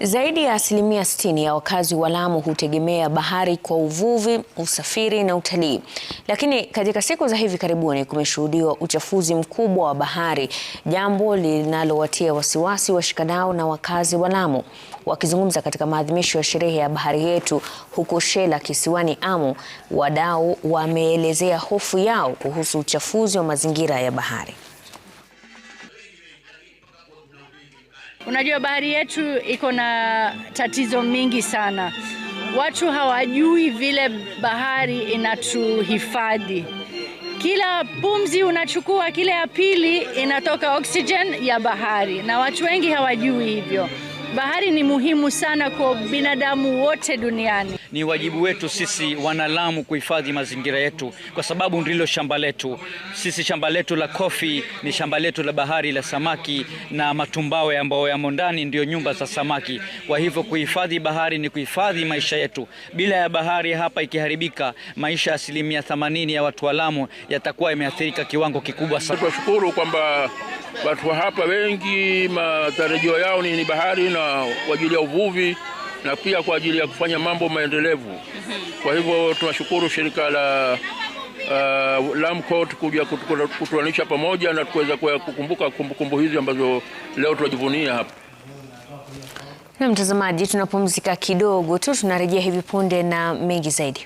Zaidi ya asilimia 60 ya wakazi wa Lamu hutegemea bahari kwa uvuvi, usafiri na utalii. Lakini katika siku za hivi karibuni kumeshuhudiwa uchafuzi mkubwa wa bahari, jambo linalowatia wasiwasi washikadau na wakazi wa Lamu. Wakizungumza katika maadhimisho ya sherehe ya bahari yetu huko Shela kisiwani Amu, wadau wameelezea hofu yao kuhusu uchafuzi wa mazingira ya bahari. Unajua bahari yetu iko na tatizo mingi sana. Watu hawajui vile bahari inatuhifadhi. Kila pumzi unachukua, kile ya pili inatoka oxygen ya bahari, na watu wengi hawajui hivyo. Bahari ni muhimu sana kwa binadamu wote duniani. Ni wajibu wetu sisi wanalamu kuhifadhi mazingira yetu, kwa sababu ndilo shamba letu sisi. Shamba letu la kofi ni shamba letu la bahari la samaki na matumbawe ambayo yamo ndani, ndiyo nyumba za samaki. Kwa hivyo kuhifadhi bahari ni kuhifadhi maisha yetu. Bila ya bahari hapa ikiharibika, maisha ya asilimia 80 ya watu wa Lamu yatakuwa yameathirika kiwango kikubwa sana. Tunashukuru kwamba watu wa hapa wengi matarajio yao ni, ni bahari na kwa ajili ya uvuvi na pia kwa ajili ya kufanya mambo maendelevu. Kwa hivyo tunashukuru shirika la uh, Lamu kuja kutuanisha pamoja na tuweza kukumbuka kumbukumbu hizi ambazo leo tunajivunia hapa. Na mtazamaji, tunapumzika kidogo tu, tunarejea hivi punde na mengi zaidi.